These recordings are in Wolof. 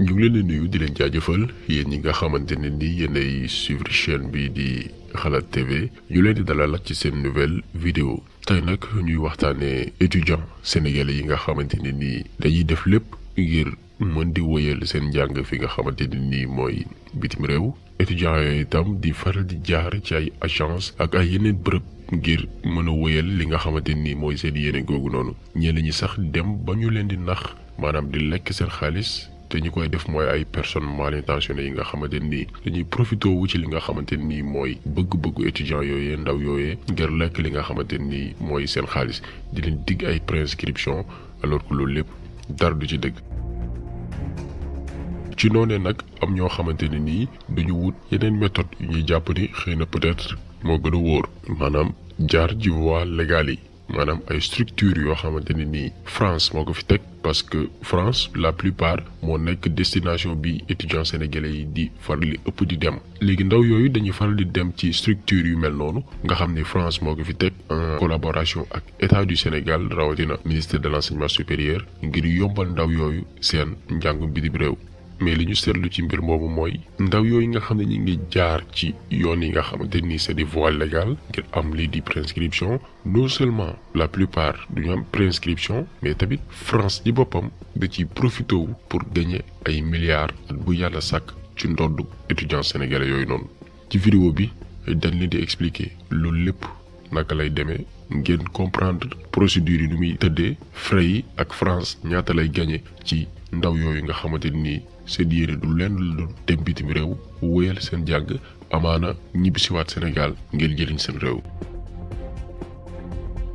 ñu ngi leen di nuyu di leen jaajëfal yéen ñi nga xamante ne ni yéenay suivre chaîne bi di xalaat TV ñu leen di dalal ak ci seen nouvelle vidéo tey nag ñuy waxtaanee étudiant sénégalais yi nga xamante ni nii dañuy def lépp ngir mën di wóyal seen njàng fi nga xamante ni nii mooy bitim réew étudiant yooyu itam di faral di jaar ci ay agence ak ay yeneen bërëb ngir mën a wóyal li nga xamante ni mooy seen yéene googu noonu ñenn ñi sax dem ba ñu leen di nax maanaam di lekk seen xaalis te ñi koy def mooy ay personnes mal intentionnées yi nga xamante nii dañuy profité wu ci li nga xamante nii mooy bëgg-bëggu étudiants yooyee ndaw yooyee ngir lekk li nga xamante nii mooy seen xaalis di leen digg ay préinscription alors que loolu lépp dara du ci dëgg. ci noonee nag am ñoo xamante ne nii dañu wut yeneen méthode yu ñuy jàpp ni xëy na peut-être moo gën a wóor maanaam jaar ci voie légale yi. manam ay structure yo xamanteni ni France moko fi tek parce que France la plupart mo nek destination bi étudiants sénégalais yi di farli di ëpp di dem léegi ndaw yoyu dañu farli di dem ci structure yu mel noonu nga xam France moko fi tek en collaboration ak état du Sénégal rawatina ministre de l'enseignement supérieur ngir yombal ndaw yooyu seen njàngum bitim rew mais li ñu seetlu ci mbir moomu moy ndaw yooyu nga xam ñi ngi jaar ci yoon yi nga xamante ni c'est des voies légales ngir am lii di prescription non seulement la plupart du ñu am prescription mais tabit France di bopam da ci profito pour gagner ay milliards at bu yalla sak ci ndodd étudiants sénégalais yoy noonu. ci vidéo bi dañ leen di expliquer loolu lepp naka lay démé ngeen comprendre procédure yi nu muy tëddee frais yi ak France ñaata lay gagner ci ndaw yooyu nga xamante ni seen yéene du lenn lu doon dem bitim réew wóyal seen jàng amaana ñibbisiwaat Sénégal ngir jëriñ seen réew.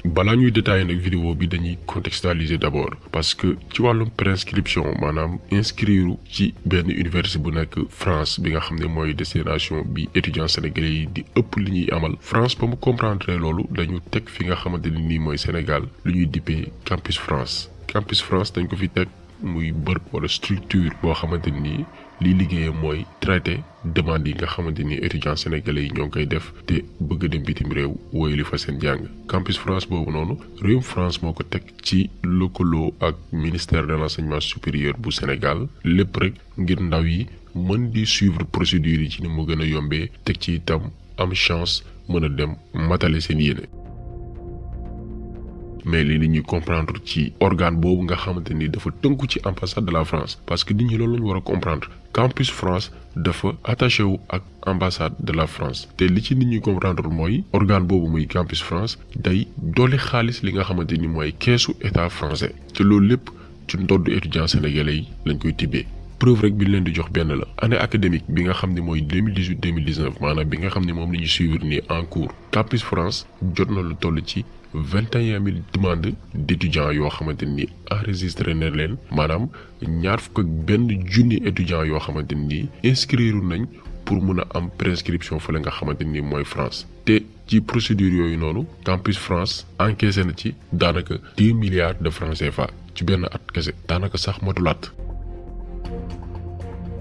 balaa ñuy détaillé nag vidéo bi dañuy contextualiser d'abord parce que ci wàllum préinscription maanaam inscrire ci benn université bu nekk France bi nga xam ne mooy destination bi étudiants sénégalais yi di ëpp li ñuy amal France ba mu comprendre loolu dañu teg fi nga xamante ni nii mooy Sénégal lu ñuy dippee campus France campus France dañ ko fi teg muy bërëb wala structure boo xamante ni liy liggéeyam mooy traité demande yi nga xamante ni étudiants sénégalais yi ñoo ngi koy def te bëgg dem bitim réew li fa seen jàng campus France boobu noonu réew France moo ko teg ci lëkkaloo ak ministère de l'enseignement supérieur bu Sénégal lépp rek ngir ndaw yi mën di suivre procédure yi ci ni mu gën a yombee teg ci itam am chance mën a dem matale seen yéene. mais li nit ñi comprendre ci organe bobu nga xamanteni dafa teunku ci ambassade de la France parce que nit ñi loolu la ñu comprendre campus France dafa attaché wu ak ambassade de la France té li ci nit ñi comprendre moy organe bobu muy campus France day doli xaalis li nga xamanteni moy mooy état français ci loolu lépp ci ndodd étudiant sénégalais lañ koy tibé preuve rek bi ñu leen di jox benn la année académique bi nga xam ne mooy 2018 2019 maanaam bi nga xam ne moom la ñu suivre nii en cours Campus France jot na lu toll ci vingt et un mille demandes d' étudiants yoo xamante ni enregistré na leen maanaam ñaar fukk ak benn junni étudiants yoo xamante ni inscrire nañ pour mun a am prescription fële nga xamante ni mooy France te ci procédure yooyu noonu Campus France encaissé na ci daanaka 10 milliards de francs CFA ci benn at kese daanaka sax modulat.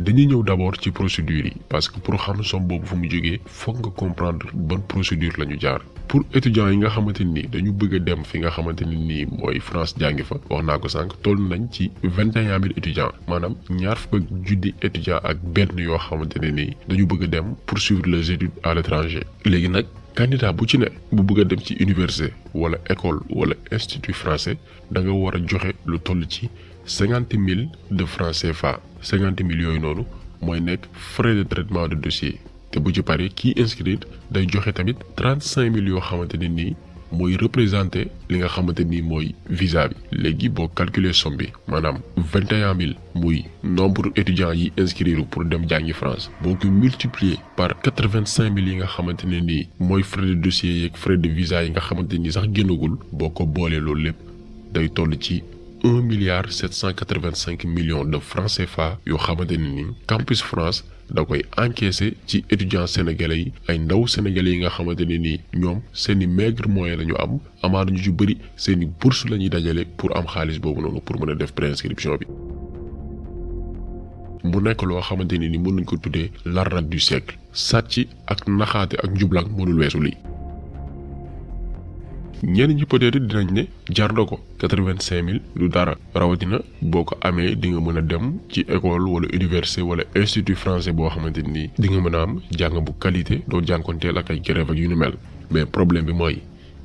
dañuy ñëw d'abord ci procédure yi parce que pour xam somme boobu fu mu jógee foog nga comprendre bon procédure la ñu jaar pour étudiants yi nga xamante ni dañu bëgg a dem fi nga xamante ni nii mooy France jàngi fa wax naa ko sànq toll nañ ci vingt et un mille étudiants maanaam ñaar fukk ak junni étudiants ak benn yoo xamante ne nii dañu bëgg a dem poursuivre les études à l'étranger léegi nag candidat bu ci ne bu bëgg a dem ci université wala école wala institut français da war a joxe lu toll ci 50 000 de francs CFA. 50 000 euros, moins net frais de traitement de dossier. Et si vous qui inscrit, vous avez 35 millions de francs CFA. Moi, représenter ce que vous savez vis-à-vis. Les pour calculer son madame, 21 000, moi, nombre d'étudiants qui inscrivent pour aller en France. Si multiplié par 85 millions que vous savez, moi, frais de dossier et frais de visa que vous savez, si vous avez beaucoup de choses, vous avez un milliard sept millions de francs CFA yo Campus France da koy encaissé ci étudiants sénégalais ay ndaw sénégalais yi nga xamanteni ni ñom maigre moyen lañu am ñu la pour am pour def préinscription bi. mu nekk loo du siècle sàcc ak naxaate ak mënul weesu ñenn ñi peut dinañ ne jar ko quatre-vingt-cinq mille du dara rawatina boo ko amee di nga mën a dem ci école wala université wala institut français boo xamante ni di nga mën a am jàng bu qualité doo jànkonteel ak ay grève ak yu ni mel mais problème bi mooy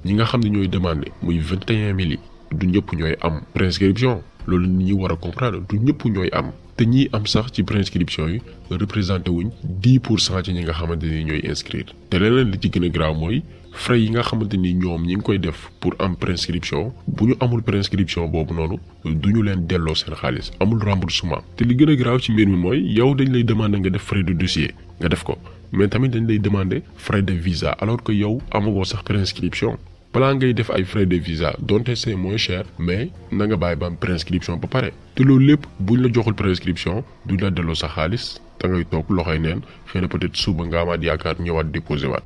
ñi nga xam ne ñooy demandé muy vingt et un mille yi du ñëpp ñooy am prescription loolu nit ñi war a comprendre du ñëpp ñooy am te ñiy am sax ci prescription yi représenté wuñ dix pour cent ci ñi nga xamante ni ñooy inscrire te leneen li ci gën a graaw mooy frais yi nga xamante ni ñoom ñi ngi koy def pour am prescription bu ñu amul prescription boobu noonu du ñu leen delloo seen xaalis amul suma te li gën graaw garaaw ci mbir mi mooy yow dañ lay demander nga def frais de dossier nga def ko mais tamit dañ lay demander frais de visa alors que yow amagoo sax prescription balaa ngay def ay frais de visa donte c'est moins cher mais na nga bàyyi ba am prescription ba pare te loolu lépp bu ñu la joxul prescription duñ la delloo sa xaalis da ngay toog loxoy neen xëy peut-être suba nga amaat yaakaar ñëwaat déposé waat.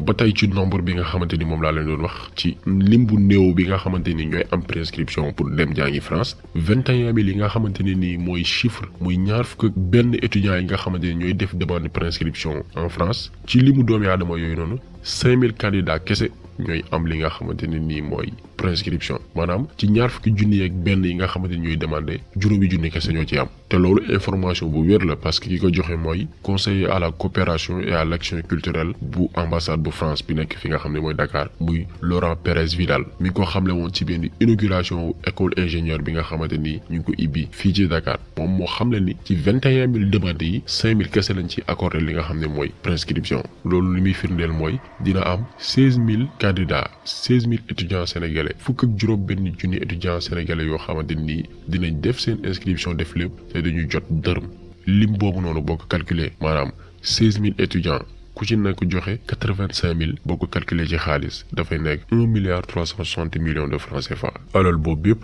ba tey ci nombre bi nga xamante ni moom laa leen doon wax ci limbu bu néew bi nga xamante ni ñooy am prescription pour dem jàngi France vingt et un mille nga xamante ni nii mooy chiffre muy ñaar fukk benn yi nga xamante ni ñooy def demande prescription en France ci limu doomi aadama yooyu noonu 5000 candidats kessé ñoy am li nga xamante ni moy mooy prescription maanaam ci ñaar fukki junni ak benn yi nga xamante ñoy ñooy demandé juróomi junni kese ñoo ci am té loolu information bu wër la parce que kiko joxé moy conseiller à la coopération et à l'action culturelle bu ambassade bu France bi nek fi nga xam moy Dakar muy Laurent Perez Vidal mi ko xamlé won ci benn inauguration école ingénieur bi nga xamante ñu ko ibbi fi ci Dakar mom mo xamlé ni ci 21000 et demandes yi 5000 kessé lañ ci accordé li nga xam moy mooy prescription loolu limi muy moy dina am 16000 candidats 16000 étudiants sénégalais fuk ak juroom ben juni étudiants sénégalais yo xamanteni dinañ def sen inscription def lepp té dañu jot deurm lim bobu nonu bok calculé manam 16000 étudiants ku ci nek joxe 85000 bok calculé ci xaliss da fay nek 1 milliard 360 millions de francs CFA alol bob bepp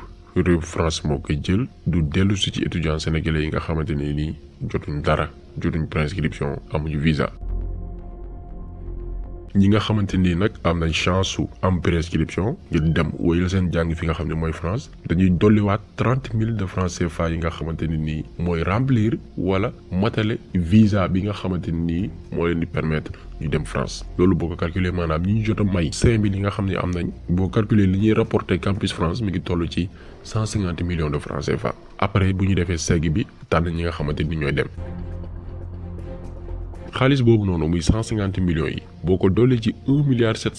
rew france mo koy jël du delu ci étudiants sénégalais yi nga xamanteni ni jotuñ dara jotuñ inscription. amuñu visa ñi nga xamante ni nag am nañ chance am prescription ngir dem wéyal seen jàng fi nga xam ne mooy France dañuy dolliwaat trente mille de francs CFA yi nga xamante ni nii mooy remplir wala matale visa bi nga xamante ni nii moo leen di permettre ñu dem France loolu boo ko calculer maanaam ñi ñu jot a may cinq mille yi nga xam ne am nañ boo calculer li ñuy rapporter campus France mi ngi toll ci cent cinquante millions de francs CFA après bu ñu defee segg bi tànn ñi nga xamante ni ñooy dem. xaalis boobu noonu muy cent cinquante millions yi boo ko doolee ci un milliard sept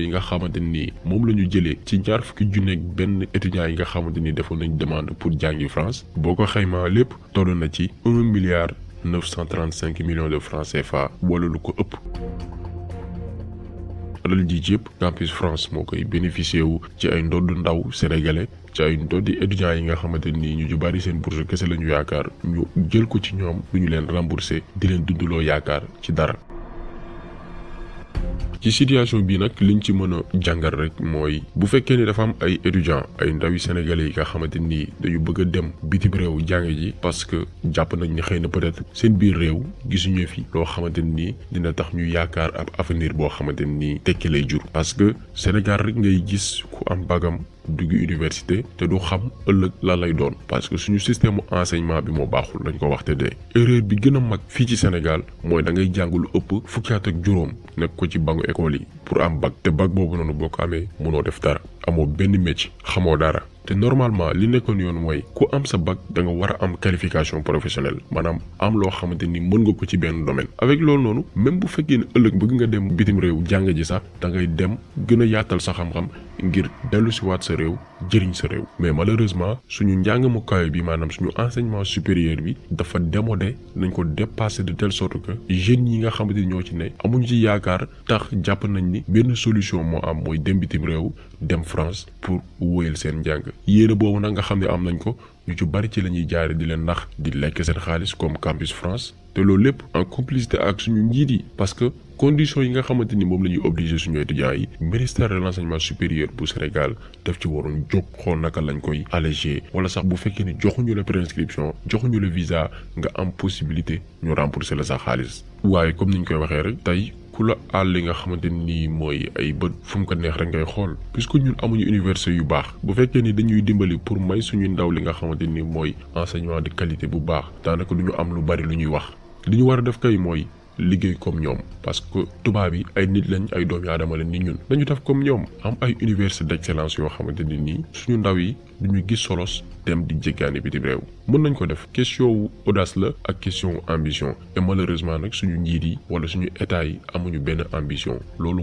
yi nga xamante ni moom la ñu jëlee ci ñaar fukki junneeg benn étudiants yi nga xamante ni defoon nañ demande pour jàngi France boo ko xaymaa lépp toll na ci un milliard neuf cent trente cinq millions de francs CFA wala lu ko ëpp. alal ji ci yëpp campus France moo koy bénéficié wu ci ay ndodd ndaw sénégalais. caayinto di étudiants yi nga xamante nii ñu ci bari seen bourse kese la ñu yaakaar ñu jël ko ci ñoom du ñu leen remboursé di leen dundaloo yaakaar ci dara ci situation bii nag liñ ci mën a jàngal rek mooy bu fekkee ni dafa am ay étudiants ay ndawi sénégalais yi nga xamante ni dañu bëgg a dem bitim réew jàng ji parce que jàpp nañ ni xëy na peut-être seen biir réew gisuñu fi loo xamante nii dina tax ñu yaakaar ab avenir boo xamante ni tekki lay jur. parce que Sénégal rek ngay gis ku am bagam dugg université té du xam ëlëk la lay doon parce que suñu système enseignement bi mo baxul lañ ko wax té dé erreur bi gëna mag fi ci Sénégal moy da ngay jàng lu ëpp fukki at ak juróom nekk ko ci bangu école yi pour am bac té bac bobu nonu boo amé mëno def dara amoo benn métier xamoo dara te normalement li nekkoon yoon mooy ku am sa bag da nga war a am qualification professionnelle maanaam am loo xamante ni mën nga ko ci benn domaine. avec loolu noonu même bu fekkee ne ëllëg bëgg nga dem bitim réew jàng ji sax dangay ngay dem gën a yaatal sa xam-xam ngir dellu si waat sa réew jëriñ sa réew. mais malheureusement suñu njàng mu bi maanaam suñu enseignement supérieur bi dafa démodé nañ ko dépassé de telle sort que jeunes yi nga xamante ni ñoo ci ne amuñu ci yaakaar tax jàpp nañ ni benn solution moo am mooy dem bitim réew France pour wóoyal seen njàng yéene boobu nag nga xam ne am nañ ko ñu ci bari ci la ñuy jaare di leen nax di lekk seen xaalis comme campus France te loolu lépp en complicité ak suñu njiit yi parce que condition yi nga xamante ni moom la ñuy obligé suñu étudiants yi ministère de l' enseignement supérieur bu Sénégal daf ci waroon jóg xool naka lañ koy allégé wala sax bu fekkee ni joxuñu la préinscription joxuñu la visa nga am possibilité ñu rembourser la sa xaalis waaye comme niñ koy waxee rek tey ku la àll li nga xamante nii mooy ay bët fu mu ko neex rek ngay xool puisque ñun amuñu université yu baax bu fekkee ni dañuy dimbali pour may suñu ndaw li nga xamante ni mooy enseignement di qualité bu baax daanaka du ñu am lu bari lu ñuy wax li ñu war a def kay mooy comme parce que tout le ay nit lañ ay doomi adama lañ ni ñun dañu def comme am ay université d'excellence yo xamanteni suñu ndaw yi duñu gis solos dem di jéggaani nañ ko def question audace la ak question ambition et malheureusement nous suñu njiit wala suñu état yi amuñu ambition loolu